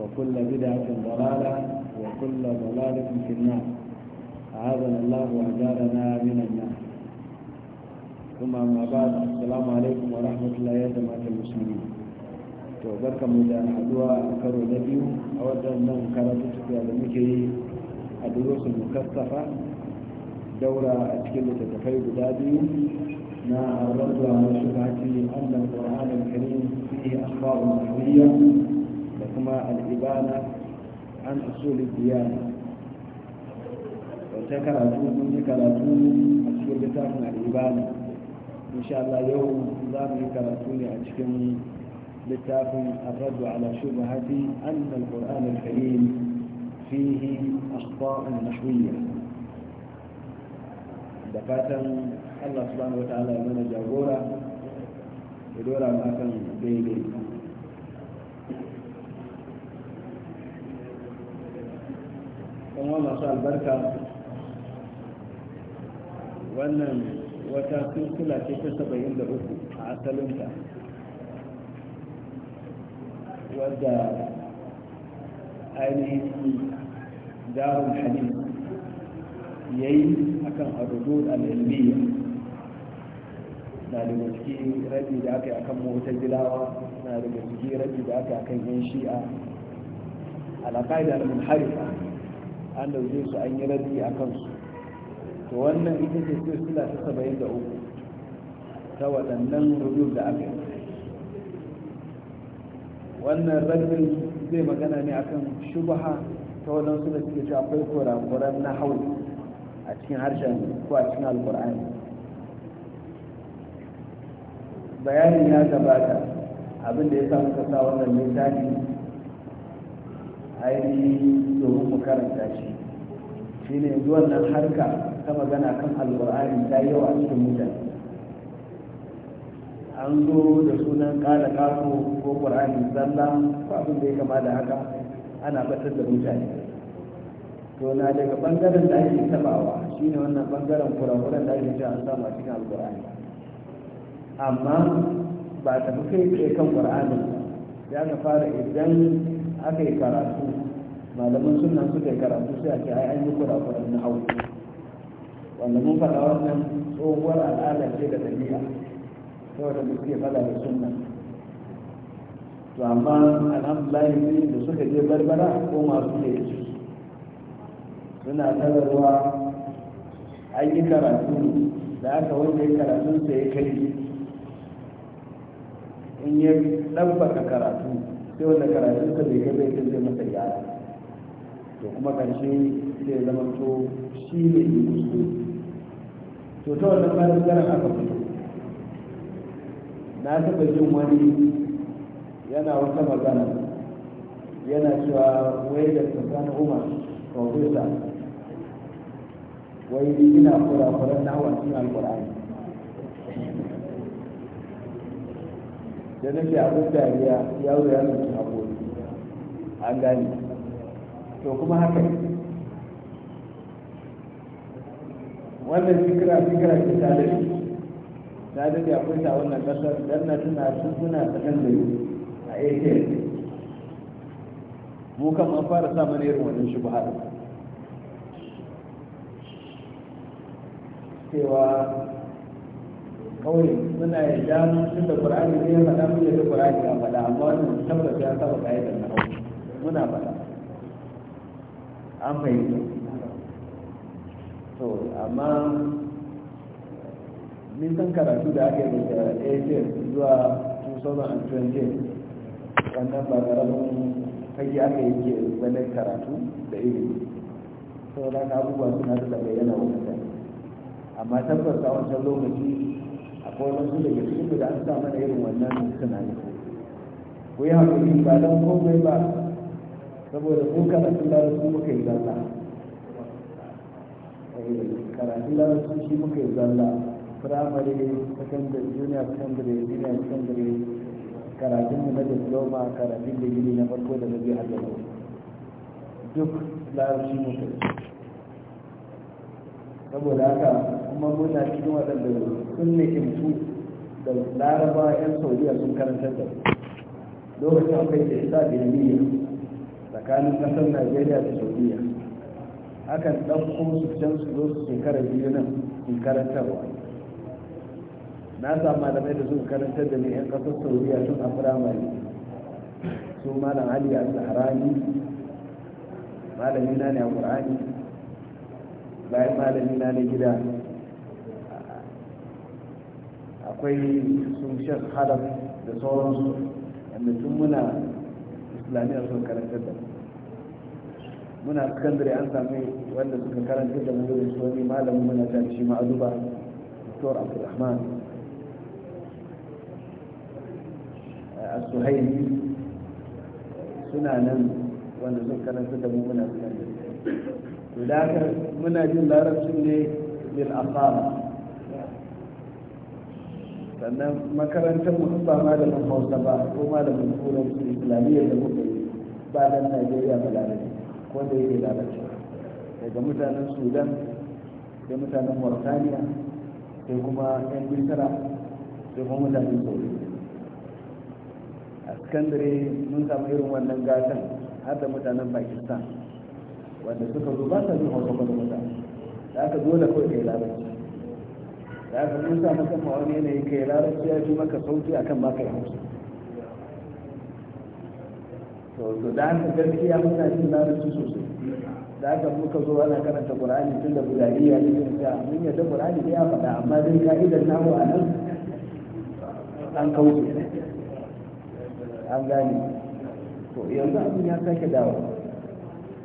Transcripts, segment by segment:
وكل بدعة ضلالة وكل ضلالة في النار أعاذنا الله وأجارنا من النار ثم أما بعد السلام عليكم ورحمة الله جماعة المسلمين to barka mu da haduwa a karo na biyu a waɗannan karatu da muke yi a durusul mukaffafa daura a cikin littattafai guda biyu na arzuwa masu hati annal qur'anul karim fi kuma al'ibana an asuli diyana wata karatu sun yi karatu a cikin littafin yau za mu yi karatu ne a cikin littafin arradu ala shubu hati an da al-qur'an al-karim fihi akhta'un da fatan Allah subhanahu ya mana jagora ya dora mu akan daidai kuma masu albarka wannan wata sulsula ce ta saba'in da uku a asalinta wadda ainihin darun hadith ya yi akan arudud al'ilmiya na daga ciki rabi da aka yi akan mutajilawa na daga ciki rabi da aka yi akan yan shi'a alaƙa'ida al harifa. an dauke su an yi rabi a kansu to wannan ita ce silsila ta saba'in da uku ta waɗannan rubu da aka yi wannan rabin zai magana ne akan shubha ta waɗansu da suke cewa akwai kurakuran na hau a cikin harshen ko a cikin alkur'ani bayanin ya gabata abin da ya sa muka sa wannan littafi ainihi domin mu karanta shi ne yanzu wannan harka ta magana kan alƙur'ani ta yi yawa cikin mutane an zo da sunan ƙara ƙaso ko ƙur'ani zalla ko abin da ya kama da haka ana batar da mutane to na daga ɓangaren da ake tabawa shine wannan ɓangaren kurakuran da ake cewa an samu a cikin alƙur'ani amma ba tafi kai kan ƙur'anin ya ka fara idan aka yi karatu malamin suna suka yi karatu sai ake ai an yi kura na hau wanda mun faɗa wannan tsohuwar al'ada ce da dabi'a saboda da suke fada da suna to amma ne da suka je barbara ko masu da yake suna tararwa an yi karatu da aka wanda ya karatun sai ya kai in ya ɗabbaka karatu sai wanda karatun ka bai ya kai zai masa gyara to kuma karshe sai zama to shi ne yi kuskure to ta wannan bayan garan aka fito na taɓa jin wani yana wata magana yana cewa wai da tsakanin umar profesa wai ina kurakuran na wancan alkur'ani da nake abin dariya zo ya nuki haƙori an gane to kuma haka wannan fikira fikira ke ta ta dade akwai ta wannan ƙasar don na tuna sun suna yi a atl mu kan an fara sa mana irin wannan shubhar cewa kawai suna ya ja tun da qur'ani ne ya faɗa mun da qur'ani ya faɗa amma wannan tabbata ya saba kaidar na hausa muna faɗa an fahimta to amma min san karatu da aka yi daga 18 zuwa 2020 wannan ba ƙaramin fage aka yi ke wani karatu da da ka abubuwa suna da bayyana wata amma tabbata wancan lokaci akwai da daga cikin da an sa mana irin wannan tunani ku yi haƙuri ba don komai ba saboda ko karatun larabci muka yi zalla karatun larabci shi muka yi zalla firamare secondary junior secondary junior secondary karatun mu na diploma karatun da digiri na farko da na biyu a da duk larabci muka yi saboda haka kuma muna cikin waɗanda sun ni'imtu da laraba 'yan saudiya sun karanta da lokacin akwai da isa bilmiya tsakanin ƙasar najeriya da saudiya akan ɗauko su can su zo su shekara biyu nan sun karanta wa na samu malamai da sun karanta da ni 'yan ƙasar saudiya sun a firamare su malam ali al-zahrani malami na ne a qur'ani bayan malami na na gida akwai sun shan hadaf da sauransu yadda tun muna islamiyya sun karantar da muna sakandare an sami wanda suka karantar da mu da su wani malamin muna ta shi ma'azuba dr abdulrahman a suhaini suna nan wanda sun karantar da mu muna sakandare da haka muna jin larabcin ne bil asara sannan makarantar mu ba ma da hausa ba ko ma da malamin su islamiyya da muka yi ba dan najeriya ba larabci ko da yake larabci daga mutanen sudan sai mutanen mauritania sai kuma yan bisira sai kuma mutanen sauri a sakandare mun samu irin wannan gasar har da mutanen pakistan wanda suka zo ba sa jin hausa kwata-kwata da aka dole kawai kai larabci da aka mun sa maka ma wani yanayi kai larabci ya fi maka sauki akan ba kai hausa to da aka gaskiya muna jin larabci sosai da aka muka zo ana karanta qur'ani tun da bulariya ne mun ga mun yadda qur'ani ne ya faɗa amma dai ka'idar namu a nan an kauce an gane to yanzu abin ya sake dawo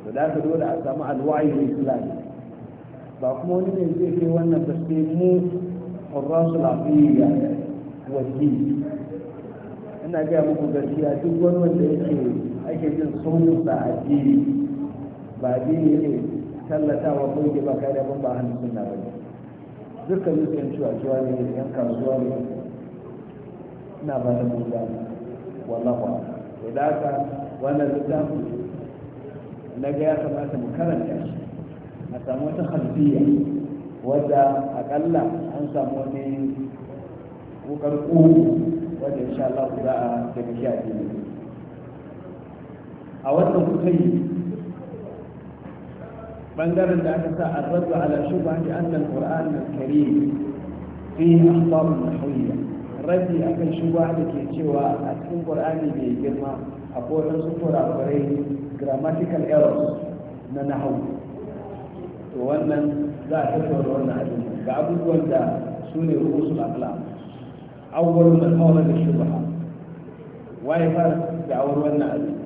to da ka dole a samu alwayin islami ba kuma wani ne zai ke wannan ba sai mu ƙwararsu lafiya wajji ina gaya muku gaskiya duk wani wanda yake ake jin sunan sa addini ba addini ne tallatawa ko yake ba kai da ban ba hannun suna ba dukkan mutum cewa cewa ne yan kasuwa ne ina ba da mu da wallahu a'lam da haka wannan littafin na ga ya kamata mu karanta shi a samu wata harfiya wadda akalla an samu wani kokar ƙoƙo wadda insha Allah ku za a daga shi a cikin a wannan kutai bangaren da aka sa arrabu ala shubha bi anna al-qur'an al-karim fi akhbar nahawiyya rabbi akan shubha da ke cewa a cikin qur'ani mai girma a akwai wasu kurakurai grammatical errors na nahau to wannan za a tattauna wannan hadisi ga abubuwan da su ne rusul akhlaq awwalu man awla bi shubha waye da da'awar wannan hadisi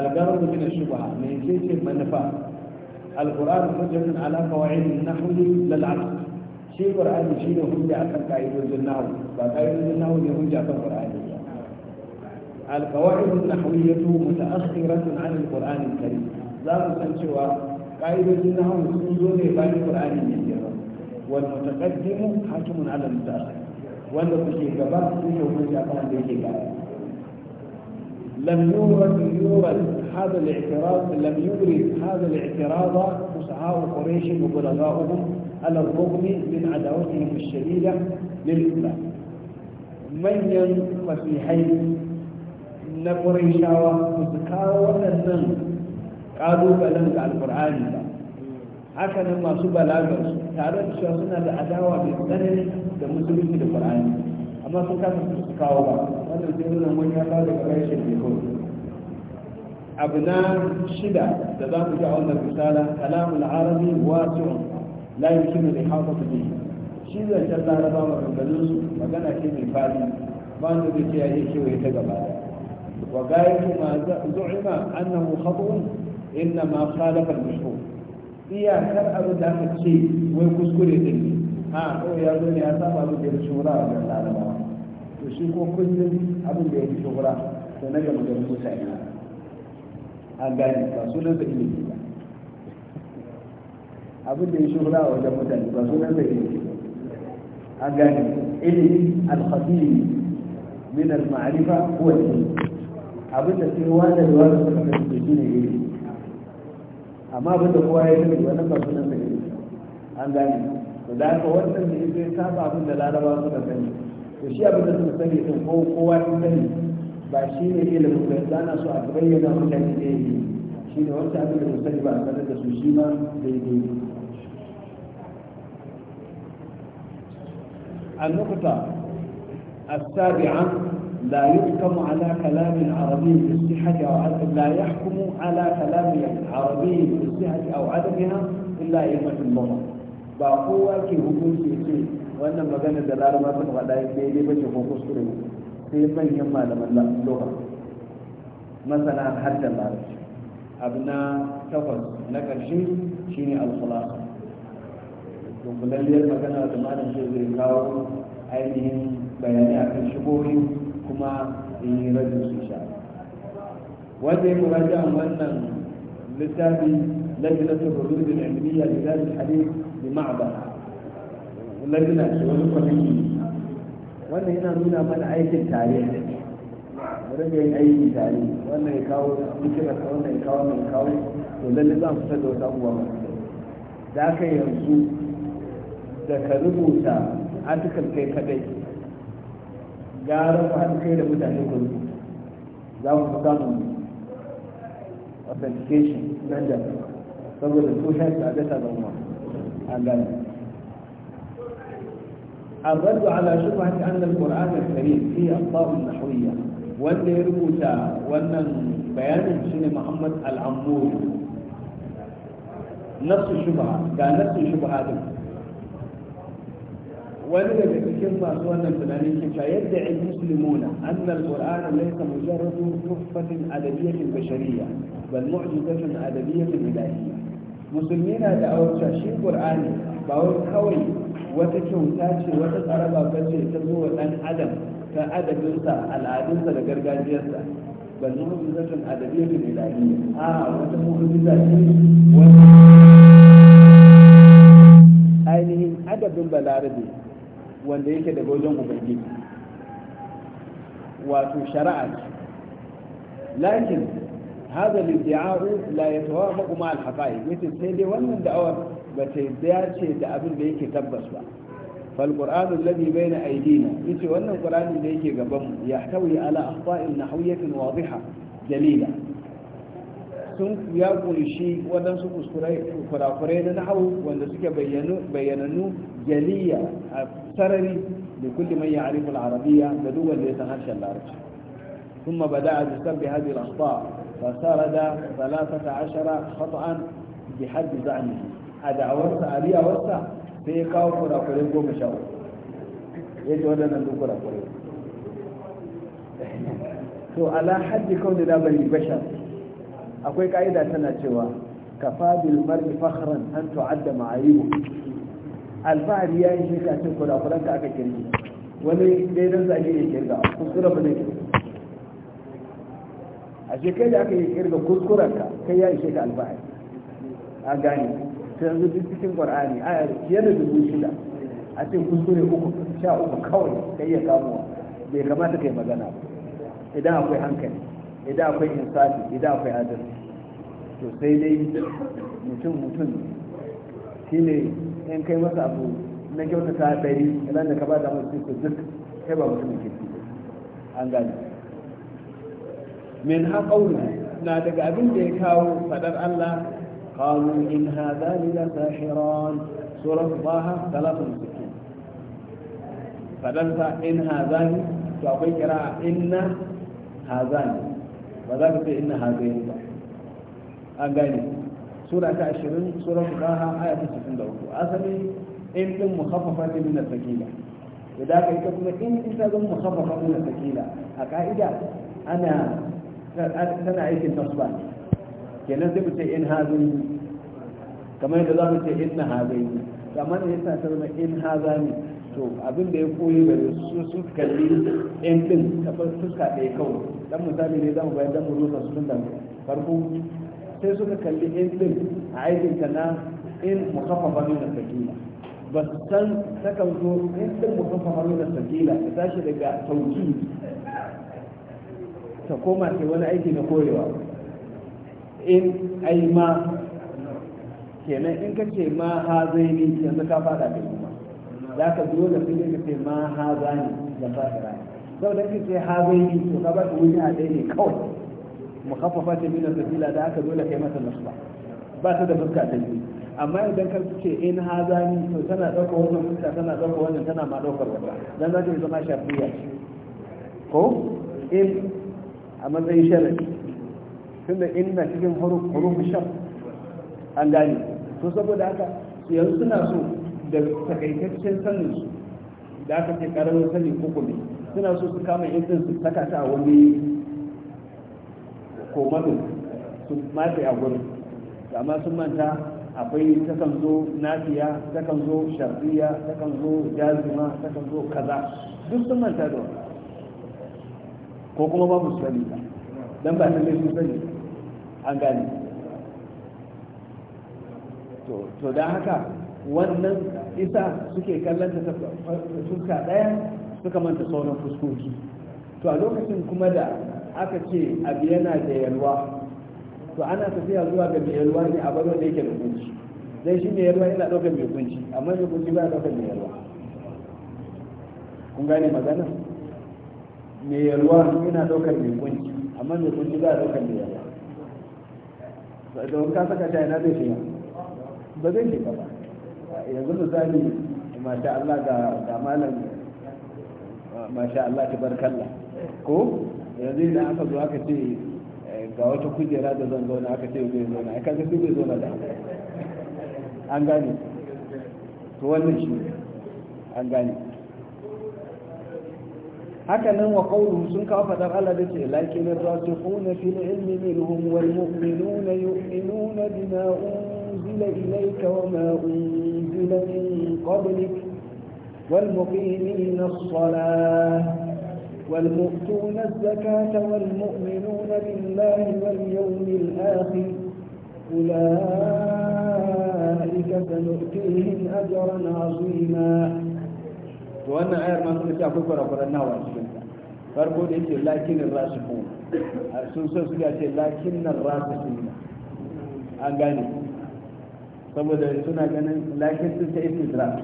al-gharad min ash-shubha me yace manufa al-quran hujjatun ala qawaid an-nahw lil-'aql shi qur'ani shine hujja akan ka'idojin nahw ba ka'idojin nahw ne hujja akan qur'ani ba القواعد النحوية متأخرة عن القرآن الكريم ذاك سنشوى قائد النحو سنزول بعد القرآن الكريم والمتقدم حاكم على المتأخر وأن في كبار فيه وفي جبار لم يورد يورد هذا الاعتراض لم يورد هذا الاعتراض فصحاء قريش وبلغاؤهم على الرغم من عداوتهم الشديدة للإسلام من فسيحين na ƙwarishawa su su kawo waɗannan ƙalubalen ga alƙur'ani ba haka nan masu balagar tare da cewa suna da adawa mai tsanani da musulunci da ƙur'ani amma sun kasa su kawo ba wannan sai nuna wani ya kawo daga rashin bai abu na shida da za mu ji a wannan misala kalamun arabi wasi'un la yumkinu li hafatu bihi shi zai ba laraba maganganun su magana ce mai fadi ba da zai ce ya iya kewaye ta gaba وقائل ما زعم أنه خطا إنما خالف المشروع هي كرأة داخل شيء ويكسكري دني ها هو يا دنيا تابع لدير الشغراء رضي الله عنه وشيكو كل أبو بيدي شغراء سنجم دير موسى انا. أقال رسول بإذن الله أبو بيدي شغراء وجم دير رسول بإذن الله أقال إلي الخطيب من المعرفة هو الإنسان abin da sai wanda da wanda suka kasance shi ne gari amma abin da kowa ya sani wannan ba sunan da gari an gane to da haka wannan da yake saba abin da laraba suka sani to shi abin da suka sani din ko kowa ya sani ba shi ne ilimin da zana so a bayyana mutane da yake shi ne wancan abin da su sani ba a sanar da su shi ma daidai النقطة السابعة لا يحكم على كلام العربي بالصحة أو عدم لا يحكم على كلام العربي بالصحة أو عدمها إلا أئمة اللغة باقوة كي هكوشي شيء وأن مغانا دلالة ما تبغى لا يبدي بشي هكوش كريم في من يما لما اللغة مثلا حتى العربي أبناء تفض نكر شيء شيني الخلاصة وكلالية مغانا دمانا شيء زي كاو ainihin bayanai akan shigohi kuma in yi rajin su sha wanda ya muraja wannan littafi lajinatul hudud al-ilmiyya li dalil hadith bi ma'bar lajina ce wani kwamiti wannan yana nuna mana aikin tare mu rage yin aiki tare wannan ya kawo fikira wannan ya kawo wannan ya kawo to lalle za mu fitar da wata abubuwa masu da aka yanzu da ka rubuta artikal kai kadai gara ku haɗu kai da mutane ku rubuta za mu fi samun authentication nan da saboda social tsada ta zama an gane الرد على شبهة أن القرآن الكريم فيه أخطاء نحوية وأن يربوتا وأن بيان شين محمد العمور نفس الشبهة كان نفس الشبهة دي. wani daga cikin masu wannan tunanin kinta yadda in muslimuna anna al-qur'an laysa mujarradu tuhfatin adabiyyatin bashariyya bal mu'jizatin adabiyyatin ilahiyya musulmi na da awarta shi qur'ani ba wai kawai wata kyauta ce wata tsaraba bace ta zo wa dan adam ta adabinsa al'adunsa da gargajiyarsa bal mu'jizatin adabiyyatin ilahiyya a wata mu'jiza ce wata ainihin adabin balarabe wanda yake daga wajen ubangiji wato shari'a lakin haza liddi'a'u la yatawafaqu ma al-haqa'iq yace sai dai wannan da'awar ba ta dace da abin da yake tabbas ba fal qur'anu alladhi bayna aydina yace wannan qur'ani da yake gaban mu yahtawi ala akhfa'in nahwiyatin wadiha jalila sun ya kunshi waɗansu kurakurai na nahawu wanda suke bayyananu jaliya a sarari da kulli man ya arifin arabiya da duk wanda ya san harshen larabci ثم بدأ بسبب هذه الأخطاء فسرد ثلاثة عشر خطأ بحد زعمه أدعورت أليا ورسا sai ya kawo kurakurai goma sha uku ya ji waɗannan duk kurakurai to ala haddi kawai da bari bashar akwai ka'ida tana cewa kafa bil mar'i fakhran an tu'adda ma'ayibu alfahari ya yi shirka cin kudakudan ka aka kirki wani daidan zage ne kirga kuskura ba zai a shekai da aka yi kirga kuskuren ka kai ya yi ka alfahari a gani. ta yanzu duk cikin qur'ani a fiye da dubu shida a cikin kuskure uku sha uku kawai kai ya kamuwa bai kamata kai magana ba idan akwai hankali idan akwai insafi idan akwai adalci to sai dai mutum mutum shine in kai masa abu na ta ɗari idan da ka ba da mutum su duk kai ba mutum ke an gani min haƙauni na daga abin da ya kawo faɗar Allah qalu in hadani la sahiran surah baha 63 faɗar sa in hadani to akwai kira inna hadani ba za ka ce inna hazaini ba an gane sura ta 20 sura fuqaha aya ta 63 asali in din hafafa ne min sakila idan ka ita kuma in din ta zama mukhaffafa min sakila a ka'ida ana tana aikin tasba kenan sai mu ce in hazaini kamar yadda za mu ce inna hazaini kamar yadda ta zama in hazani to abin da ya koyi da su su kalli yan din kafar fuska ɗaya kawai dan misali ne zamu bayar dan mu rusa su tunda farko sai suka kalli yan din a aikin ta na in mukaffafa na sakila ba su san kan zo yan din mukaffafa na sakila ta tashi daga tauki ta koma ke wani aiki na koyewa in ai ma kenan in ka ce ma ha zai ni yanzu ka fada kai za ka dole sai ka ce ma ha za ni da fa'ira sau da kace ha zai yi to ka ba su wuce a ɗaya ne kawai mukaffafa ce min sabila da aka dole kai masa nasu ba ta da fuska ta yi amma idan ka ce in eh, ha za ni to tana ɗauka wannan fuska tana ɗauka wannan tana ma ɗaukar wata dan za ta zama shafiya ko in eh, a matsayin sharadi tunda in na cikin huruf huruf an gane to saboda haka yanzu suna so da takaitaccen sannin su da aka ce karamin sani uku ne suna so su kama yankin su saka ta a wani komadu su matse a gurin amma sun manta akwai takan zo nafiya takan zo shafiya takan zo jazima takan zo kaza duk sun manta da wani ko kuma ba mu sani ba dan ba ta sun sani an gane to dan haka wannan isa suke kallon ta fuska ɗaya suka manta sauran fuskoki to a lokacin kuma da aka ce abu yana da yalwa to ana tafiya zuwa ga mai yalwa ne a baro da yake da kunci dai shi mai yalwa yana ɗaukar mai kunci amma mai kunci ba ya ɗaukar mai yalwa kun gane magana mai yalwa yana ɗaukar mai kunci amma mai kunci ba ya ɗaukar mai yalwa da wani ka saka shi yana zai shiga ba zai shiga ba yanzu misali masha Allah ga malam masha Allah ta barkalla. ko yanzu idan aka zo aka ce eh, ga wata kujera da zan zauna aka ce zai zauna aka ga zai zauna da an gane to wannan shi an gane haka nan wa qawluhu sun kawo fadar Allah da ce lakin ar-rasikhuna fil ilmi minhum wal mu'minuna yu'minuna bima unzila ilayka wa ma unzila أنزل من قبلك والمقيمين الصلاة والمؤتون الزكاة والمؤمنون بالله واليوم الآخر أولئك سنؤتيهم أجرا عظيما وأنا غير ما كنت يا ربنا وأسلمنا farko da yake lakinin rasu a sun so suka saboda suna ganin lakin ta istidrak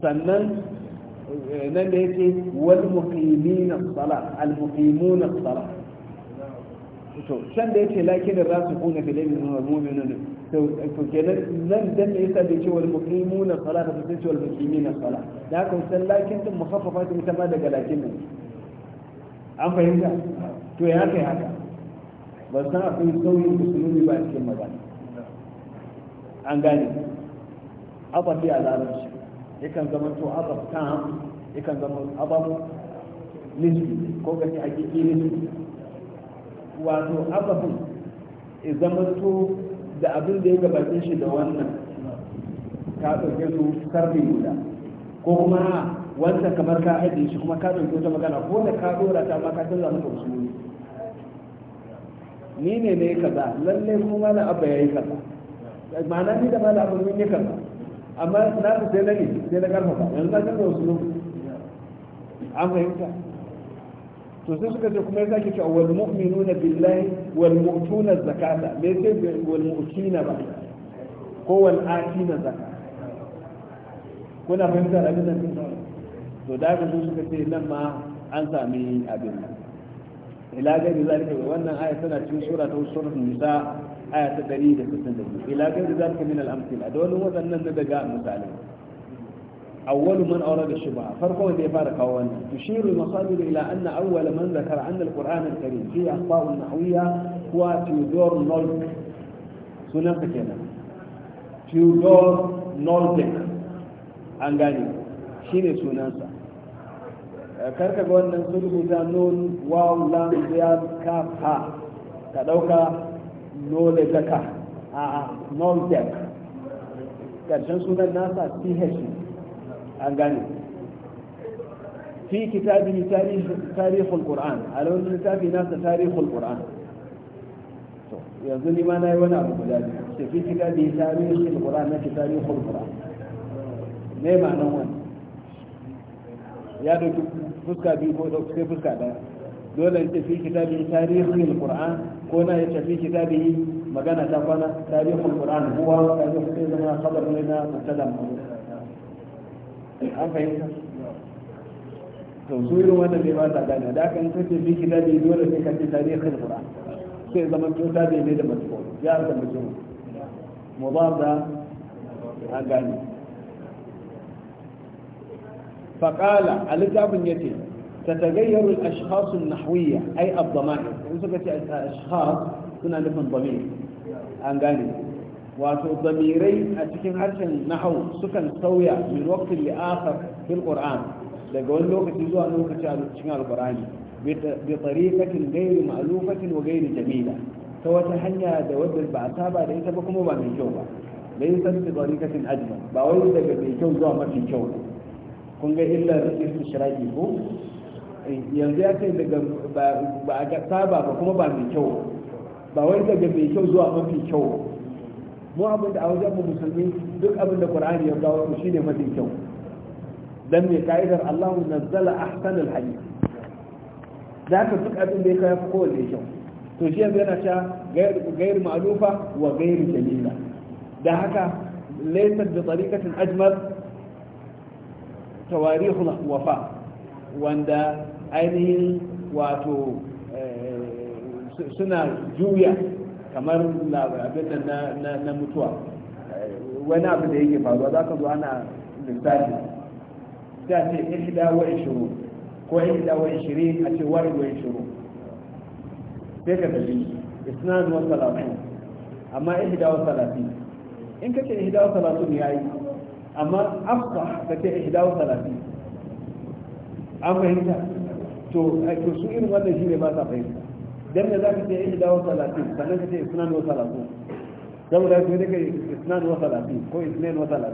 sannan nan da yake wal muqimina sala al muqimuna sala to san da yake lakin rasikuna fil ilmi wal mu'minuna to to kenan nan dan ne yasa da yake wal muqimuna sala da sai wal muqimina sala da haka san lakin din mukhaffafat ita ma daga lakin ne an fahimta to ya kai haka ba san akwai sauyin musulmi ba cikin magana an gane ya lalace, larabci yakan zama to abab tam yakan zama ababu nisbi ko a hakiki nisbi wato ababin ya zama to da abin da ya gabace shi da wannan ka ɗauke su karfe guda ko kuma wanda kamar ka ajiye shi kuma ka ɗauke ta magana ko da ka ɗora ta ma ka canza maka usuli ni ne ne kaza lalle kuma na abba yi kaza ma'ana ni da ma da abin yi karba amma na su sai na ne sai na karfafa yanzu na canza wasu lokaci an fahimta to sai suka ce kuma ya sake cewa wal mu'minuna billahi wal na zakata me sai wal na ba ko wal atina zakata kuna fahimta da abin nan to da haka suka ce nan ma an sami abin nan ila gari zalika wannan aya tana cikin sura ta suratul nisa aya ta 162 ila gairi zalika min al-amthila da wani wadannan na daga misalai awwalu man awrada shubha farko wanda ya fara kawo wannan tushiru al-masadir ila anna awwala man zakara anna al-qur'an al-karim fi akhbar an-nahwiyya huwa Theodore Nolde sunan sa kenan Theodore Nolde an gane shine sunansa karka ga wannan sun rubuta nun waw lam ya ka ha ka dauka nole zaka a nolzek karshen sunan nasa ph an gane fi kitabihi tarihul qur'an a launin littafi nasa tarihul qur'an to yanzu ni ma nayi wani abu guda ce fi kitabihi tarihul qur'an na tarihul qur'an ne ma nan wani ya dauki fuska biyu ko sai fuska daya dole ya ce fi kitabi tarihi alquran ko na ya ce fi kitabi magana ta kwana tarihi alquran huwa tarihi sai zama sabar ne na mutalam an fahimta to su irin wannan bai ba ta gane da kan kace fi kitabi dole sai ka ci tarihin alquran sai zama to bai ne da mutum ya da mutum mudaf da an gane faqala al-jabun yace تتغير الأشخاص النحوية أي الضمائر يوسف أشخاص كنا لكم ضمير ان أنجاني وضميري أتكين عرش النحو سكن سويا من وقت لآخر في القرآن لقول لك تزوى نوكة شعال القرآن بطريقة غير مألوفة وغير جميلة سواء تحنيا دود البعثابة ليس بكم وبعد الجوبة ليس بطريقة أجمل بأولي دقل الجوبة وما في الجوبة غير إلا في الشرائي yanzu ya ce daga ba a saba ba kuma ba mai kyau ba wani daga mai kyau zuwa mafi kyau mu abinda a wajen mu musulmi duk abinda qur'ani ya kawo mu shine mafi kyau dan me kaidar Allah nazzala ahsanal hadith da haka duk abin da ya kawo kowanne kyau to shi yanzu yana cewa gair ma'lufa wa gair jamila da haka laysa bi tariqatin ajmal tawarihul wafa wanda ainihin wato eh, suna juya kamar abin nan na mutuwa eh, wani abu da yake faruwa za ka zo ana lissafi ta ce ihda wa shiru. ko ihda wa shiri a ce warid wa shiru. sai ka tafi isnad wa salatu. amma ihda wa salatin in ka ce ihda wa salatin yayi amma afka ka ce ihda wa salatin an fahimta to a eh, su irin wannan ne ba sa fahimta dan da zaka ce ihda wa salatin sannan ka ce wa salatin saboda ne kai wa salatin ko ba wa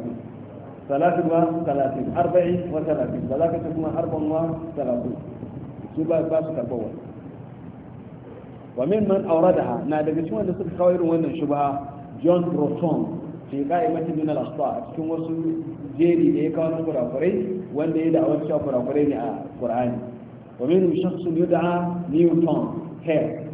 su ba ba su karbawa wa mimman na daga cikin wanda suka irin wannan shubha John Roton min al-asfa wasu jeri da ya kawo kurakurai wanda ya da'awar cewa kurakurai ne a Qur'ani wa minhum shakhsun yud'a newton hair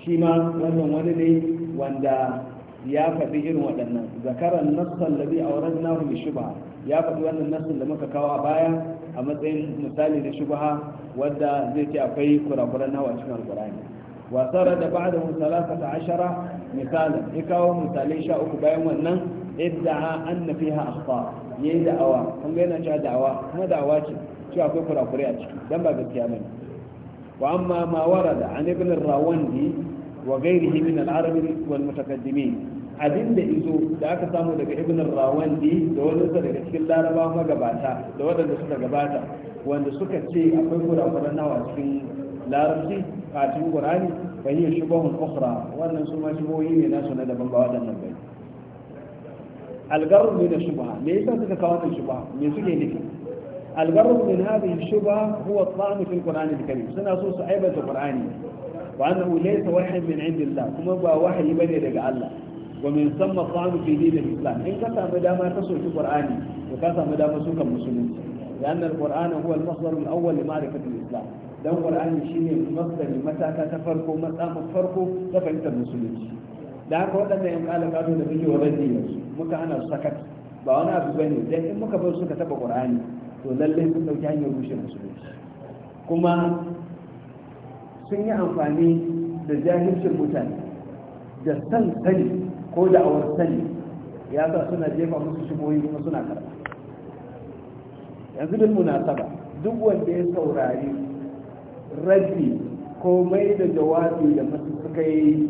shi ma wannan wani ne wanda ya faɗi irin waɗannan zakaran nassan da zai auren nahu mai shubha ya faɗi wannan nassan da muka kawo a baya a matsayin misali da shubha wadda zai ce akwai kurakuran nahu a cikin alkurani wasara da ba da musala ta ashara misalin ya kawo misalai sha uku bayan wannan idda an na fiha akhfa yayi da'awa kun yana cewa da'awa kuma da'awa ce cewa akwai kurakure a ciki dan ba gaskiya bane wa amma ma warada an ibn rawandi wa ghairihi min al-arab wal mutaqaddimin abinda izo da aka samu daga ibn rawandi da wani daga cikin larabawa magabata da waɗanda suka gabata wanda suka ce akwai kurakuran nawa cikin larabci a cikin qur'ani fa hiya shubahun ukhra wannan su ma shubohi ne nasu na daban ba waɗannan bai algaru ne da shubha me yasa suka kawo wannan shubha me suke nufi albarru min hadhihi shubha huwa at-ta'am fi al-Qur'an al-Karim sana su sa'iba al-Qur'ani wa annahu laysa wahyan min 'indi kuma ba wahyi bane daga Allah wa min samma at-ta'am fi din al in ka samu damar ka soki Qur'ani to ka samu dama su kan musulunci لأن القرآن هو المصدر الأول لمعرفة الإسلام لأن القرآن شيء مصدر متى تفرقوا متى تفرقوا تفرقوا المسلمين لأن قلت أن يوم قال قادوا نبيه ورزيه متى أنا سكت بأنا أبو بني لأن إمك بل سكت بقرآني to lallai sun dauki hanyar rushe musulunci kuma sun yi amfani da jahilcin mutane da san sani ko da awar sani ya sa suna jefa musu shigoyi kuma suna karɓa yanzu duk saba duk wanda ya saurari rabi ko mai da jawabi da masu suka yi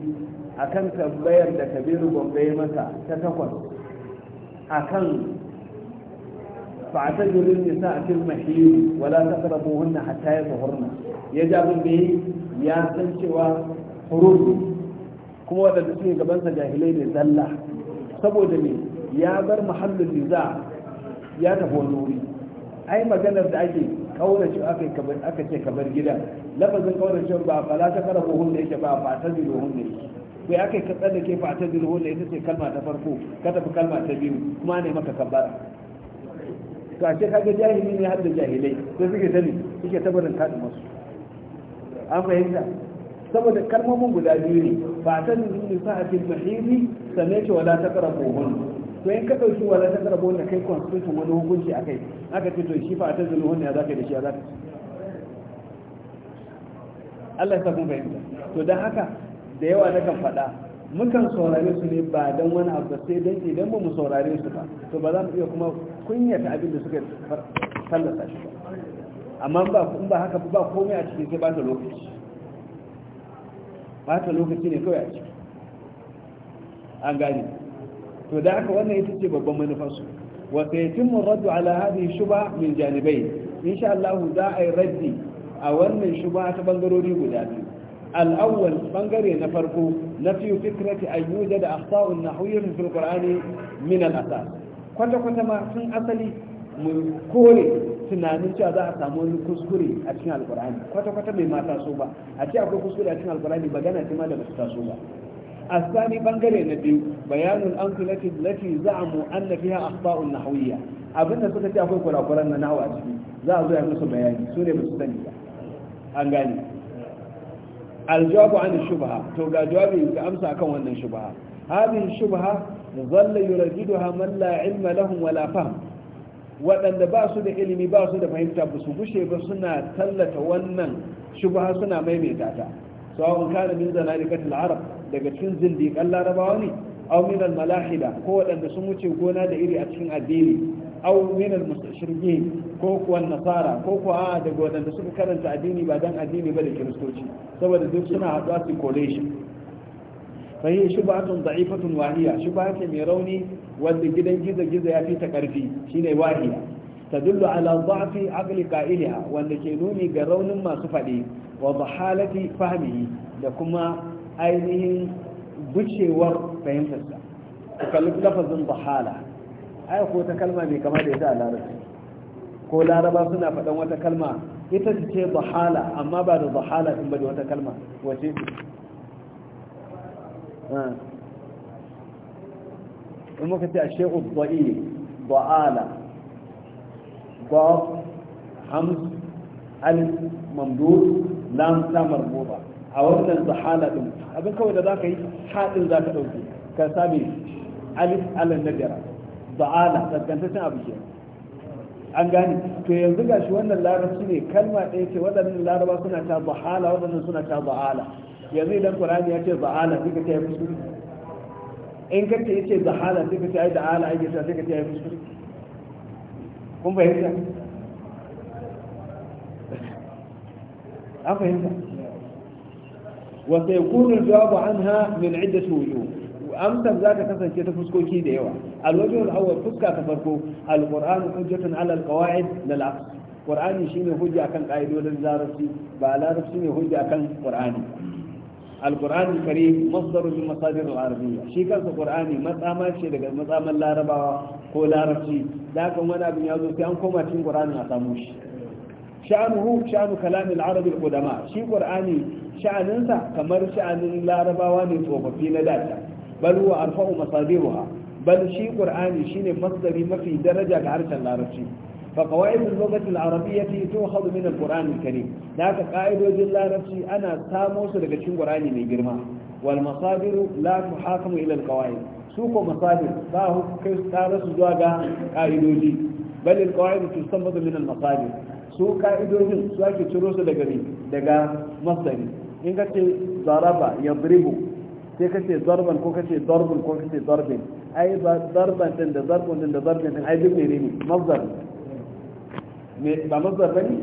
akan tambayar da kabiru gombe masa ta takwas a kan. فاعتذروا النساء في المحيض ولا تقربوهن حتى يطهرن يجب به يا سنشوا حروب kuma wadanda suke gabansa jahilai ne zalla saboda me ya bar muhallin liza ya tafi wani wuri ai maganar da ake kaurace aka ce ka bar gida lafazin kaurace ba fala ta karabu hunne yake ba fa ta zilo hunne yake bai aka katsa da ke fa ta zilo hunne ita ce kalma ta farko ka tafi kalma ta biyu kuma ne maka kabbara to a ce kaga jahili ne har da jahilai sai suke sani suke tabarin kaɗin masu an fahimta saboda kalmomin guda biyu ne ba ta nufin sa a cikin mahiri sannan ce wala ta karabo kohon to in ka ɗauki wala ta karabo kohon da kai constitution wani hukunci a kai aka ce to shi fa ta zulu wani ya za ka da shi ya za ka Allah ya sa kun fahimta to don haka da yawa na kan faɗa mukan saurare su ne ba don wani abu sai dan idan ba mu saurare su ba to ba za mu iya kuma kunyata abin da suka sallata shi amma in ba haka ba komai a cikin sai ba ta lokaci ba ta lokaci ne kawai a ciki an gane to da haka wannan ita ce babban manufarsu wata ya cimma raddu ala hadhihi shuba min janibai insha Allah za a yi raddi a wannan shuba ta bangarori guda biyu al-awwal bangare na farko na fi fikrati ayyuja da akhta'un nahwiyyah fil qur'ani min al-asas kwata-kwata ma sun asali mun kore tunanin cewa za a samu wani kuskure a cikin alkur'ani kwata-kwata mai mata so ba a ce akwai kuskure a cikin alkur'ani magana ce ma da basu taso ba a sani bangare na biyu bayanul an kulati lati za'amu anna fiha akhba'un nahawiyya abin da suka ce akwai kurakuran na nahawa a ciki za a zo ya musu bayani su ne basu sani ba an gane aljawabu an shubha to ga jawabi ga amsa akan wannan shubha hadhihi shubha zalla yurajiduha man la ilma lahum wala fahm waɗanda ba su da ilimi ba su da fahimta ba su gushe ba suna tallata wannan shubha suna maimaita ta sawa'un kana min zanadikatil arab daga cikin zindiƙan larabawa ne aw min al malahida ko waɗanda sun wuce gona da iri a cikin addini aw min al mustashriqin ko kuwa nasara ko kuwa daga waɗanda suka karanta addini ba dan addini ba da kiristoci saboda duk suna haɗuwa su collation fa hiya shubhatun da'ifatun wahiya shubha ce mai rauni wanda gidan giza giza ya fi ta ƙarfi shi ne wahiya ta tadullu ala dha'fi aqli qa'iliha wanda ke nuni ga raunin masu faɗi, wa bahalati fahmihi da kuma ainihin bucewar ku kalli lafazin bahala ai ko ta kalma mai kama da ita a larabci ko laraba suna faɗan wata kalma ita ce bahala amma ba da bahala din ba da wata kalma wace Eh. in muka ce a shehu ba'i ba'ala ba hamz alif mamdud lam ta marbuta a wannan zahala din abin kawai da za ka yi haɗin za ka ɗauki ka sami alif alan najara ba'ala tsakantaccen abu ke an gane to yanzu gashi wannan larabci ne kalma ɗaya ce waɗannan laraba suna ta zahala waɗannan suna ta ba'ala yanzu idan qur'ani ya ce ba'ala sai ka ce kuskure in ka ce yace zahala sai ka ce ai da'ala ai sai ka ce ai kuskure kun fahimta an fahimta wa sayakunu al-jawabu anha min iddati wujuh amsar za ta kasance ta fuskoki da yawa alwajin al'awar fuska ta farko alƙur'an hujjatun alal qawaid lal aql qur'ani shine hujja akan ka'idodin larabci ba larabci ne hujja akan qur'ani alqur'an karim masdaru min masadir al-arabiyya shi kansa qur'ani matsama ce daga matsaman larabawa ko larabci da haka wani abin ya zo sai an koma cikin qur'ani a samu shi sha'anuhu sha'anu kalam al-arab al-qudama shi qur'ani sha'aninsa kamar sha'anin larabawa ne tsofaffi na data bal huwa arfa'u masadiruha bal shi qur'ani shine masdari mafi daraja ga harshen larabci فقواعد اللغة العربية تؤخذ من القرآن الكريم لا تقاعد قائد الله نفسي أنا ساموس لكشين قرآني من جرما والمصادر لا تحاكم إلى القواعد سوق مصادر باهو كيستارس زواجا قائدوجي بل القواعد تستمد من المصادر سوق قاعد قائدوجي سواك تروس لكريم لكا مصدر إنك تضرب يضرب sai kace zarban ko kace darbun ko ضربا darbin ai ba darban din da zarbun din da zarbin din ai ba mazdar bane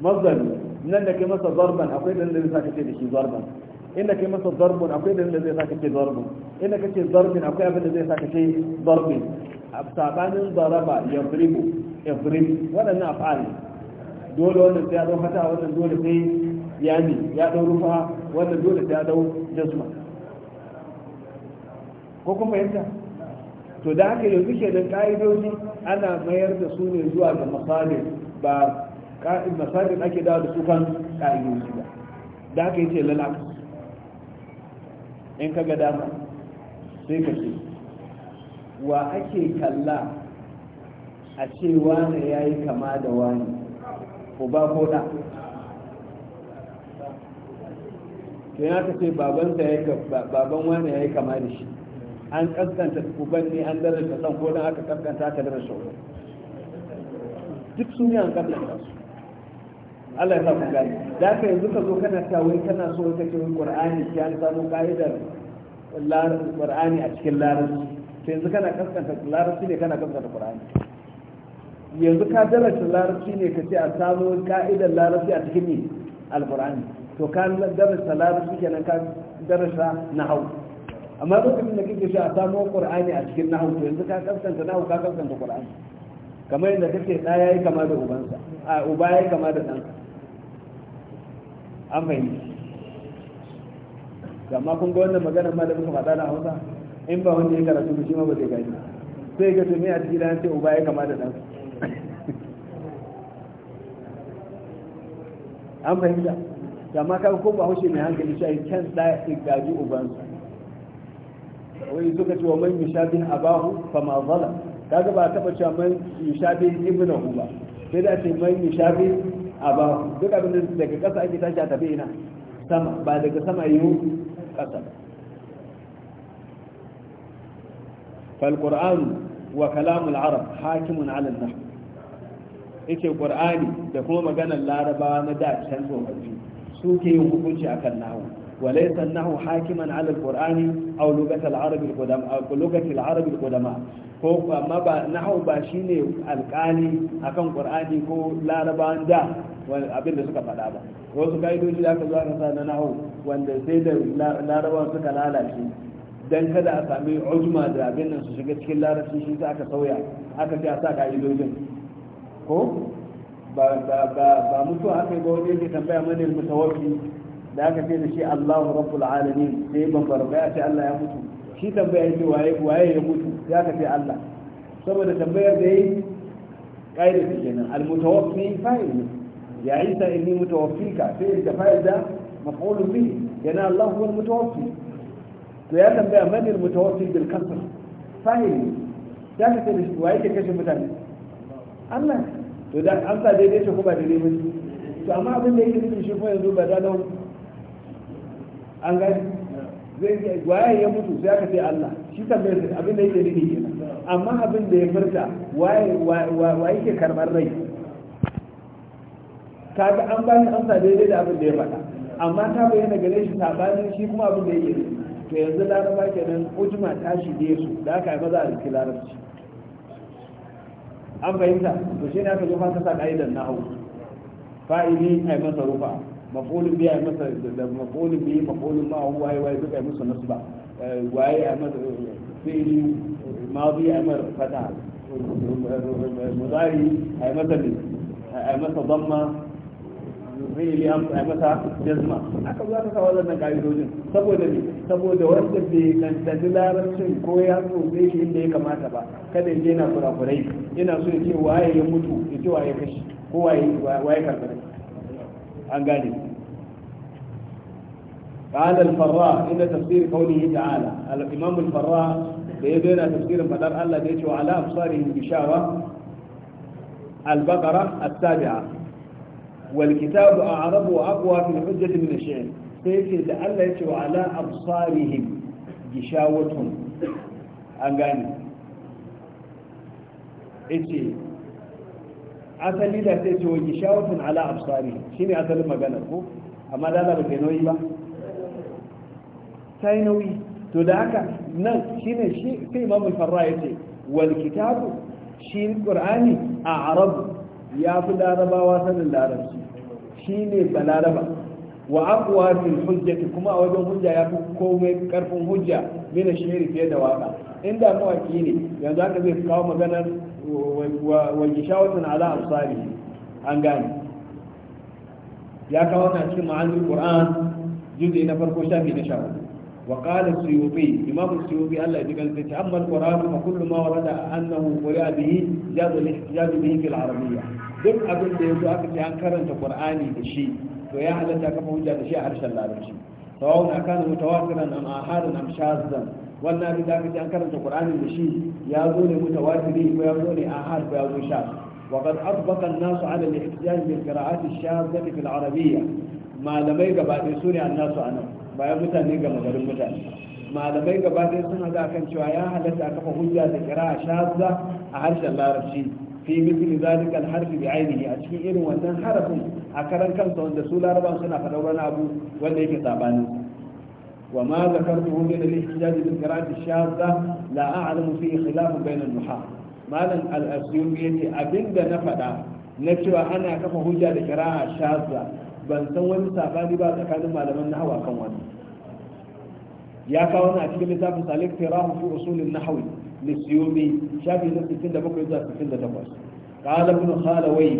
mazdar nan da ke masa zarban akwai dalilin da zai sa ce da shi zarban inda ke masa zarbun akwai dalilin da zai saka ce zarbun inda kace zarbin akwai abin da zai saka ce zarbin A sabanin zaraba ya ifrim waɗannan af'al dole wannan ya dau Hata wannan dole sai ya ne ya dau rufa wannan dole sai ya dau jazma ko kuma fahimta to da haka yanzu ke da ka'idoji ana mayar da su ne zuwa ga masalin ba masalin ake dawo da su kan ka'idoji ba da aka yi ce lalaka in ka ga dama sai ka ce wa ake kalla a ce wane ya yi kama da wani ko ba ko da ke na ka ce baban wani ya yi kama da shi an kaskanta uban ne an daraja san ko dan aka kaskanta aka daraja uban duk sun yi an kaskanta su Allah ya sa ku gani da ka yanzu ka zo kana ta wai kana so ka ce Qur'ani ki an samu kaidar Qur'ani a cikin larabci to yanzu kana kaskanta larabci ne kana kaskanta Qur'ani yanzu ka daraja larabci ne ka ce a samu ka'idar larabci a cikin ne al-Qur'ani to ka daraja larabci kenan ka darasa na hau. amma lokacin da kake shi a samo qur'ani a cikin nahu to yanzu ka kaskanta nahu ka kaskanta qur'ani kamar yadda kake da yi kama da ubansa a uba yi kama da ɗansa an fahimci. amma kun ga wannan maganar ma da muka faɗa da Hausa in ba wanda ya karatu shi ma ba zai gani sai ga tumi a cikin ranar ce uba ya kama da ɗansa an fahimta amma ka ko ba haushe mai hankali shi a yi can ɗaya da gaji ubansa wai suka ce wa man yushabih abahu fama zalam ga ba taba cewa man yushabih ibnahu ba sai da ce man yushabih abahu duk abin da daga kasa ake tashi a tafi ina sama ba daga sama yiwu kasa fal qur'an wa kalamul arab hakimun ala an-nahw yace qur'ani da kuma maganar larabawa na da can tsofaffi suke yin hukunci akan nahwu وليس أنه حاكما على القرآن أو لغة العرب القدماء أو لغة ko amma ba nahu ba shine alƙali akan Qur'ani ko larabawan da abin da suka faɗa ba wasu kaidoji da aka zo aka sa na nahu wanda sai da larabawan suka lalace dan kada a sami uzma da abin nan su shiga cikin larabci shi sai aka sauya aka ce a sa kaidojin ko ba ba mutuwa aka ba wani yake tambaya mana mutawaffi da aka ce da shi Allahu rabbul alamin sai ban barbaya ce Allah ya mutu shi tambaya yake waye waye ya mutu ya ka ce Allah saboda tambayar da yayi kaida ce kenan al mutawaffi fa'il ya isa inni mutawaffika sai da fa'il da maf'ul bi yana Allah huwa mutawaffi to ya tambaya man al mutawaffi bil kasr fa'il ya ka ce da shi waye ke kashe mutane Allah to da amsa daidai ce ko ba daidai ba to amma abin da yake nufin shi ko yanzu ba da don an gani zai waye ya mutu sai aka ce Allah shi tambayar sa abin da yake nufi kenan amma abin da ya furta waye waye ke karbar rai kaga an ba ni amsa daidai da abin da ya faɗa amma ta bayyana gare shi sabanin shi kuma abin da yake nufi to yanzu laraba kenan ujuma ta shige su da aka yi maza a jiki larabci an fahimta to shi ne aka zo fasa sa ƙa'idar na hau fa'idi a yi masa rufa مفعول به أي مثلا مفعول به مفعول ما هو واي واي بقى مثلا نصبع واي أمر فعل ماضي أمر فتح مضاري أي مثلا أي مثلا ضمة zai yi amsa masa jazma aka za ka kawo wannan ka'idojin saboda ne saboda wanda bai kantaji larabcin ko ya tsotse shi inda ya kamata ba kada ya je na kurakurai yana so ya ce waye ya mutu ya ce waye kashi ko waye waye karkarai an قال الفراء إن تفسير قوله تعالى الإمام الفراء بيبين تفسير فدر الله ديش على أبصارهم بشارة البقرة السابعة والكتاب أعرب وأقوى في الحجة من الشعر سيكي لألا يتو على أبصارهم جشاوتهم أنقاني إتي asali da sai ce wani shawatun ala absari shine asalin magana ko amma da ba ke nauyi ba ta yi nauyi to da haka nan shine shi sai imamul farra ce wal kitabu shi ƙur'ani a arabu ya fi larabawa sanin larabci shine balaraba wa akuwa fil hujjati kuma a wajen hujja ya fi komai karfin hujja mina shiri fiye da waka inda mawaki ne yanzu haka zai kawo maganar wa gishawatun ala absari an gane ya kawo na cikin ma'anin qur'an juz'i na farko shafi na sha wa qala suyuti imam suyuti Allah ya digan sai amma al-qur'an fa kullu ma annahu qira'a bihi jazu al-ihtijaj duk abin da zo aka ce an karanta qur'ani da shi to ya halatta kafa hujja da shi a harshen larabci sawa'un akana mutawatiran am ahadan wannan abin da aka ji karanta qur'ani da shi ya zo ne mutawatiri ko ya zo a har ko ya zo sha wa qad asbaqa an-nas 'ala al-ihtiyaj bil qira'at ash malamai gaba su ne an-nas anan ba ya buta ne ga magarin malamai gaba da su na akan cewa ya halatta a kafa hujja da qira'a shadha a harshen larabci fi mithl zalika al-harf bi 'ainihi a cikin irin wannan harafin a karan kansa wanda su larabawa suna fadawa na abu wanda yake sabani وما ذكرته من الاحتجاج بالقراءة الشاذة لا أعلم فيه خلاف بين النحاة ما لن الأسيوم يدي أبند نفدا نتوى أنا كما هجا لقراءة شاذة. بل سوّن سافاني بعد أكادم ما لمن نحو أكوان يا كوانا أتيك لتاب سالك تراه في أصول النحو للسيومي شابه لك تند بكر إذا تند تبس قال ابن خالوي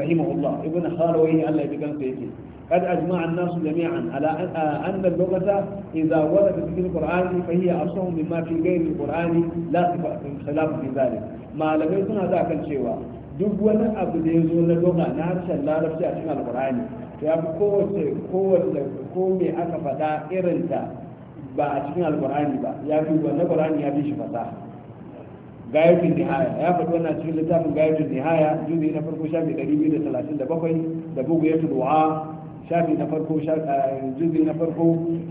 رحمه الله ابن خالوي الله يتقن سيتي قد أجمع الناس جميعا على أن اللغة إذا وردت في القرآن فهي أصح مما في غير القرآن لا خلاف في ذلك ما لم يكن الشيء duk wani abu da ya zo na doga na harshen larabci a cikin alkur'ani to ya fi kowace kowace ko me aka faɗa irinta ba a cikin alkur'ani ba ya fi wanda qur'ani ya fi shi fasaha gayatul nihaya ya faɗi wannan cikin littafin gayatul nihaya juzi na farko shafi 237 da bugu ya tuluwa. shafi eh, na farko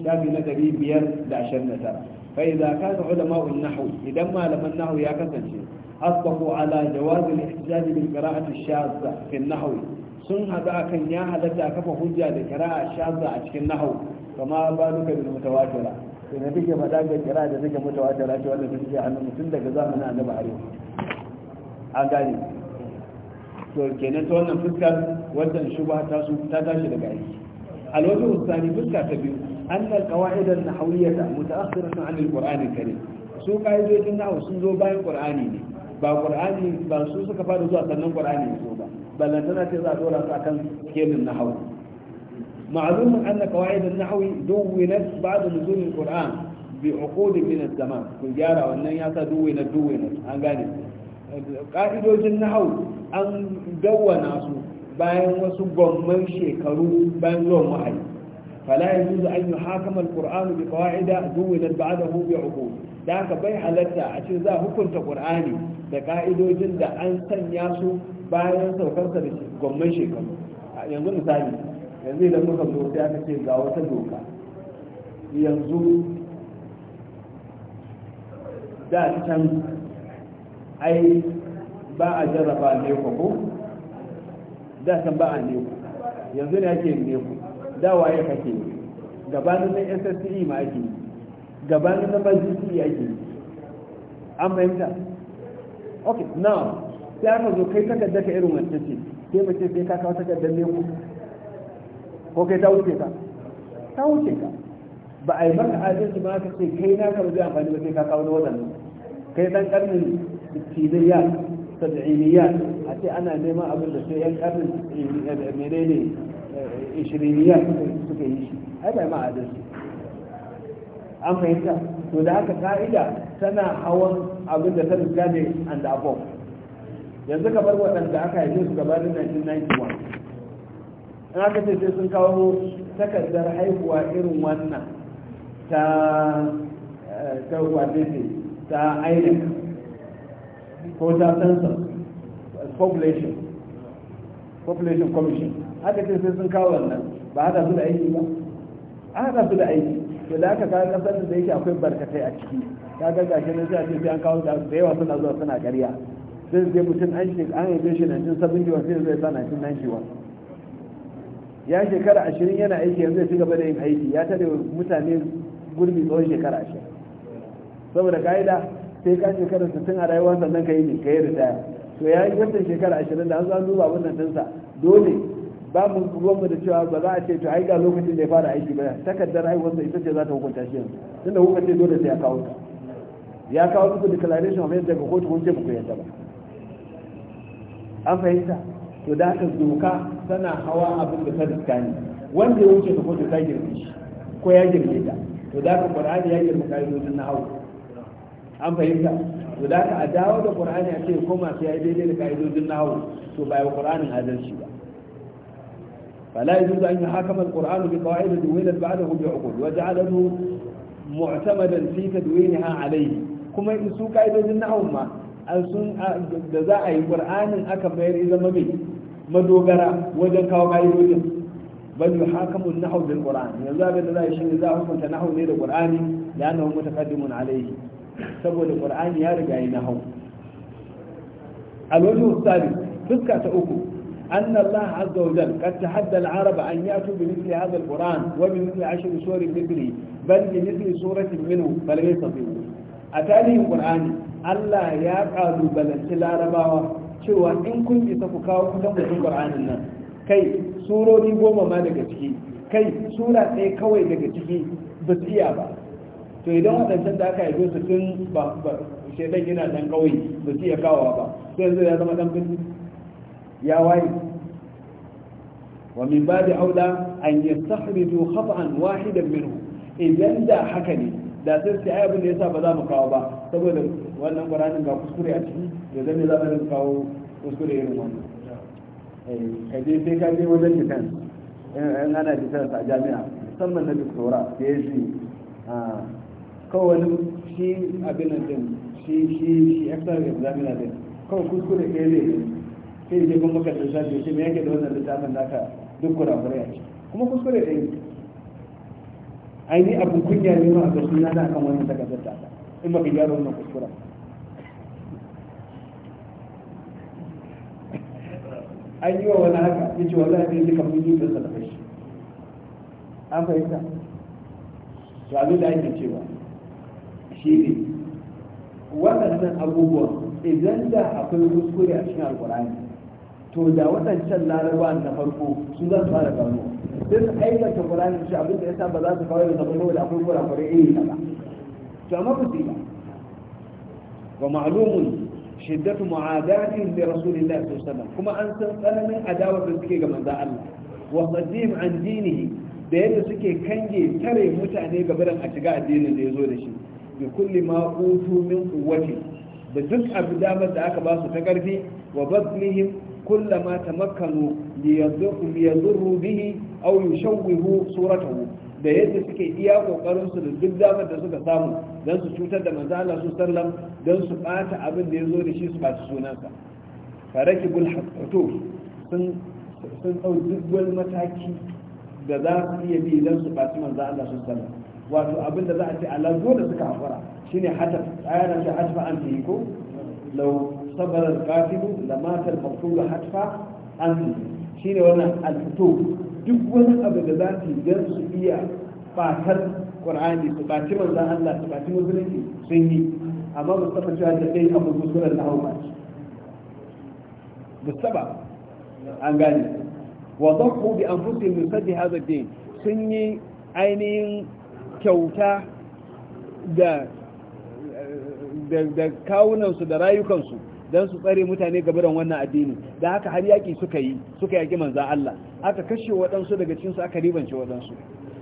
shafi na ɗari biyar da ashirin da tara fa idza kana ulama'un nahwu idan malaman nahwu ya kasance asbahu ala jawaz al-ihtijaj bil qira'ati ash-shadha sun hada kan ya halatta kafa hujja da qira'a shadha a cikin nahwu kama baluka bil mutawatira to ne take faɗa ga qira'a da take mutawatira ce wanda take annabi tun daga zamanin a har yau an gane to kenan ta wannan fuskar wannan shubha ta su ta tashi daga aiki alwajhu usani fuska ta biyu annal qawaid an nahawiyyah mutaakhiratan an alquran alkarim su kaidojin nahwu sun zo bayan qur'ani ne ba qur'ani ba su suka fara zuwa sannan qur'ani ne zo ba ballantana ce za a dora su akan kelin nahwu معلوم أن قواعد النحو دونت بعد نزول القرآن بعقود من الزمان كل جارة وأن يأتى دونت دونت أنقاني ƙa'idojin nahau an gawana su bayan wasu gwamman shekaru bayan zuwan wahayi fala ya zuzu an yi hakama ƙur'anu bi ƙawa'ida duwinan ba da hubi uku da aka bai halatta a ce za a hukunta ƙur'ani da ƙa'idojin da an sanya su bayan saukarsa da gwamman shekaru yanzu misali yanzu idan muka zo sai aka ce ga wata doka yanzu da canza. ai ba a jarraba neko ko da san ba a neko yanzu ne ake neko da waye kake gabanin na sse ma ake gabanin na majalisi ake an fahimta ok now sai aka zo kai takardar ka irin wancan ce sai mace sai ka kawo takardar neko ko kai ta wuce ka ta wuce ka ba a yi maka adalci ba ka ce kai na ka zai amfani ba sai ka kawo na waɗannan kai dan karni sittiniya sab'iniya a ana nema abin da sai yan karnin menene eh, ishiriniya suka yi shi ai bai ma adalci an fahimta to da haka ka'ida tana hawan abin da ta riga ne and above yanzu ka bar waɗanda aka haife su gabanin 1991 in aka ce sai sun kawo takardar haihuwa irin wannan ta eh, ta wadda ta ainihin ko ta census population population commission haka ce sai sun kawo wannan ba haɗa su da aiki ba a haɗa su da aiki to da aka kawo kasar da yake akwai barkatai a ciki ta ga gashi na sai a ce sai an kawo da yawa suna zuwa suna ƙarya sai sai mutum an shi an yi shi jiwa sai zai sa jiwa ya shekara ashirin yana aiki yanzu ya ci gaba da yin aiki ya tare mutane gurbi tsawon shekara ashirin saboda ka'ida sai ka shekara sittin a rayuwar sannan ka yi ne ka yi ritaya to ya yi wannan shekara ashirin da an zo duba wannan dinsa dole ba mu ruwanmu da cewa ba za a ce to ai ga lokacin da ya fara aiki ba takardar haihuwarsa ita ce za ta hukunta shi yanzu tunda hukunta ce dole sai ya kawo ka ya kawo muku declaration of yadda ga kotu kun ku yadda ba an fahimta to da haka doka tana hawa abin da ta riska ne wanda ya wuce ta kotu ta girme shi ko ya girme ta to da haka qur'ani ya girme kaidojin na hawa an fahimta to da a dawo da qur'ani a ce koma sai yayi daidai da kaidojin nawo to ba yi qur'anin adalci ba fala yajuz an yahkama alquran bi qawaid tuwila ba'dahu bi uqud wa ja'alahu mu'tamadan fi tadwinha alayhi kuma in su kaidojin nawo ma an sun da za a yi qur'anin aka bayar zama mai madogara wajen kawo kaidojin bal yuhakamu an-nahw bil-qur'an yanzu abin da za a yi shi za a hukunta nahw ne da qur'ani ya annahu mutaqaddimun alayhi saboda ƙwar'ani ya riga yi na hau alwajin ustari fuska ta uku an na Allah azza wa jal kan ta hadda al'araba an ya tu bi nufi ashirin sori bibiri bal bi nufi suratin minu balai a tarihin ƙwar'ani Allah ya ƙalubalanci larabawa cewa in kun isa ku kawo kusan mutum ƙwar'anin nan kai surori goma ma daga ciki kai sura ɗaya kawai daga ciki ba su ba to idan waɗancan da aka haife su tun ba shaidan yana dan kawai ba su iya kawowa ba sai yanzu ya zama dan birni ya waye wa min ba da aula an yastakhriju khata'an wahidan minhu idan da haka ne da sai sai abin da sa ba za mu kawo ba saboda wannan qur'anin ga kuskure a ciki da zai za mu kawo kuskure irin wannan eh, ka je sai ka je wajen defense in ana defense a jami'a musamman na da doctora PhD ah. kawai wani shi abin din shi shi shi external examiner din kawai kuskure ɗaya ne sai je kuma ka tsaya da shi me yake da wannan litafin naka duk kurakurai a ciki kuma kuskure ɗaya ne aini abin kunya ne ma ga sunna da kan wannan takardar ta in ba ka gyara wannan kuskura an yi wa wani haka ya ce wallahi ne duka mun yi da salafai an fahimta to abin da ake cewa shi ne waɗannan abubuwan idan da akwai kuskure a cikin alkur'ani to da waɗancan larabawa na farko su zan fara gano sai su aikata kurani shi abin da yasa ba za su kawai da zama da akwai kurakurai iri ba, to amma ku tsira wa ma'lumun shiddatu mu'adatin li rasulillahi sallallahu alaihi kuma an san tsananin adawa da suke ga manzo Allah wa qadim an dinihi da yadda suke kange tare mutane gaban a shiga addinin da yazo da shi bi kulli ma utu min quwwati da duk abin damar da aka ba su ta karfi wa bazlihim kullama tamakkanu li yadhuru li yadhuru bihi aw yushawwihu suratahu da yadda suke iya kokarin su da duk damar da suka samu dan su cutar da manzo Allah su sallam dan su bata abin da yazo da shi su bata sunansa farakibul hasatu sun sun dau duk wani mataki da za su iya bi dan su bata manzo Allah su sallam wato abinda za a ce ala da suka haƙura shine hatar ayana ce hatfa an ta yi ko lau sabara da lamata almaqtul hatfa an shine wannan alfuto duk wani abu da za su dan su iya fatar qur'ani su baci manzo Allah su baci musulunci sun yi amma ba su taba cewa da kai abu musulun na hawa ba saba an gane wa dhaqu bi anfusihim min sadri hadha sun yi ainihin kyauta da da kawunansu da rayukansu don su tsare mutane gabaran wannan addini da haka har yaƙi suka yi suka yaƙi manza Allah aka kashe waɗansu daga cinsu aka ribance waɗansu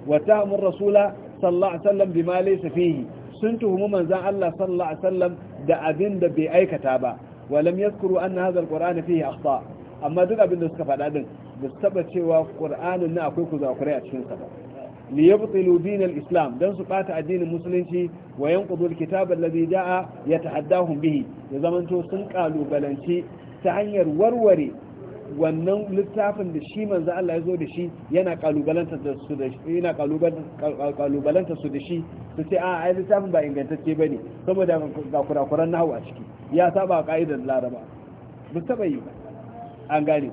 wata amur rasula sallallahu alaihi wasallam bima laysa fihi sun tuhumi manzan Allah sallallahu alaihi wasallam da abin da bai aikata ba walam yadhkuru anna hadha alqur'ana fihi akhta amma duk abin da suka faɗa din ba su taba cewa qur'anin na akwai kuzakurai a cikin sa ba li yabtilu dinal islam dan su bata addinin musulunci wa yanqudu alkitab alladhi jaa yatahaddahum bihi ya zamanto sun kalubalanci ta hanyar warware wannan littafin da shi manzo Allah ya zo da shi yana kalubalanta su da shi yana kalubalanta su da shi su ce a ai littafin ba ingantacce bane saboda ga kurakuran nahwu a ciki ya saba ka'idar laraba ba taba yi ba an gane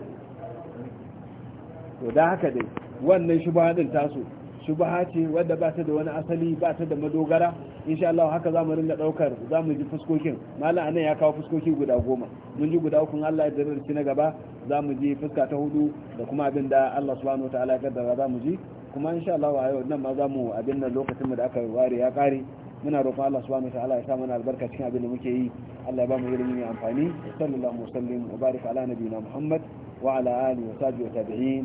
to da haka dai wannan shubha din taso shubaha ce wadda ba ta da wani asali ba ta da madogara insha Allah haka za mu ringa daukar za mu ji fuskokin malam anan ya kawo fuskoki guda goma mun ji guda uku Allah ya dararci na gaba za mu ji fuska ta hudu da kuma abin da Allah subhanahu ta'ala ya kaddara za mu ji kuma insha Allah a yau nan ma za mu abin nan lokacin mu da aka ware ya kare muna roƙon Allah subhanahu ta'ala ya sa mana albarka cikin abin da muke yi Allah ya ba mu ilimi mai amfani sallallahu alaihi wa sallam wa baraka ala nabiyina Muhammad wa ala alihi wa sahbihi wa tabi'in